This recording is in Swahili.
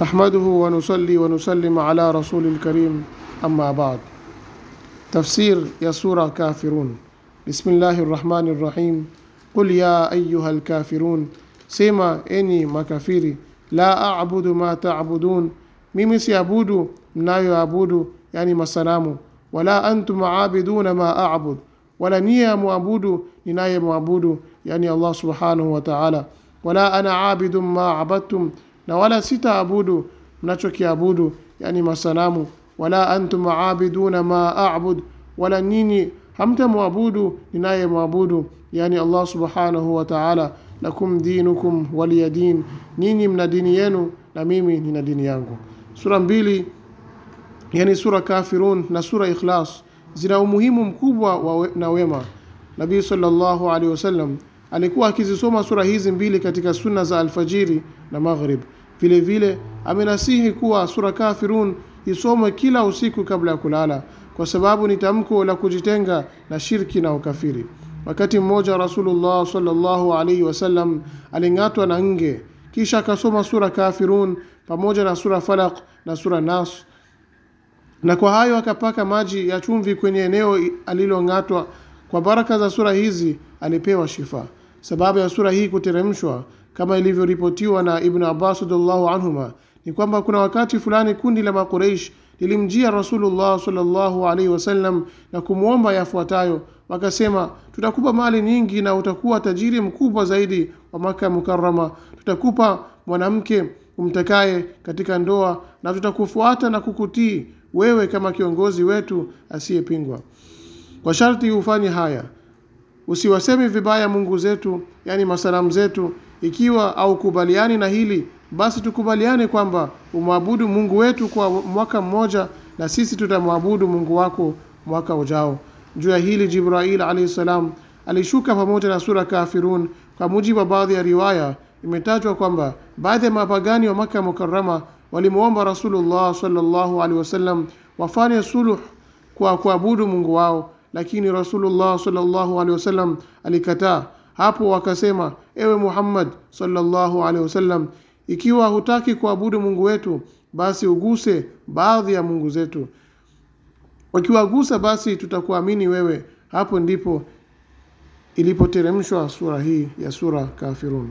نحمده ونصلي ونسلم على رسول الكريم أما بعد تفسير يا سورة كافرون بسم الله الرحمن الرحيم قل يا أيها الكافرون سيما إني مكافيري لا أعبد ما تعبدون ميمي سيعبدوا منا يعبودو يعني ما سنامو ولا أنتم عابدون ما أعبد ولا نيا معبود نناي معبود يعني الله سبحانه وتعالى ولا أنا عابد ما عبدتم na wala sitaabudu mnachokiabudu yani masanamu wala antum aabiduna ma aabud wala nyinyi hamtamwabudu ninayemwabudu yani Allah subhanahu wa ta'ala lakum dinukum waliya din nyinyi mna dini yenu na mimi nina dini yangu sura mbili yani sura kafirun na sura ikhlas zina umuhimu mkubwa wa we, na wema nabii sallallahu alaihi wasallam alikuwa akizisoma sura hizi mbili katika sunna za alfajiri na maghrib vile vile amenasihi kuwa sura Kafirun isomwe kila usiku kabla ya kulala, kwa sababu ni tamko la kujitenga na shirki na ukafiri. Wakati mmoja Rasulullah sallallahu alaihi wasallam aling'atwa na nge, kisha akasoma sura Kafirun pamoja na sura Falaq na sura Nas, na kwa hayo akapaka maji ya chumvi kwenye eneo alilong'atwa. Kwa baraka za sura hizi alipewa shifa. Sababu ya sura hii kuteremshwa kama ilivyoripotiwa na Ibnu Abbas radhiallahu anhuma ni kwamba kuna wakati fulani kundi la maquraish lilimjia Rasulullah sallallahu alaihi wasallam na kumwomba yafuatayo, wakasema tutakupa mali nyingi na utakuwa tajiri mkubwa zaidi wa Maka mukarama tutakupa mwanamke umtakaye katika ndoa na tutakufuata na kukutii wewe kama kiongozi wetu asiyepingwa, kwa sharti ufanye haya, usiwasemi vibaya Mungu zetu, yani masalamu zetu ikiwa haukubaliani na hili, basi tukubaliane kwamba umwabudu Mungu wetu kwa mwaka mmoja, na sisi tutamwabudu Mungu wako mwaka ujao. Juu ya hili, Jibrail alayhi salam alishuka pamoja na sura Kafirun. Kwa mujibu wa baadhi ya riwaya, imetajwa kwamba baadhi ya mapagani wa Maka Mukarrama walimwomba Rasulullah sallallahu alaihi wasallam wafanye suluh kwa kuabudu Mungu wao, lakini Rasulullah sallallahu alaihi wasallam alikataa. Hapo wakasema, ewe Muhammad sallallahu alaihi wasallam, ikiwa hutaki kuabudu Mungu wetu, basi uguse baadhi ya Mungu zetu. Ukiwagusa basi tutakuamini wewe. Hapo ndipo ilipoteremshwa sura hii ya sura Kafirun.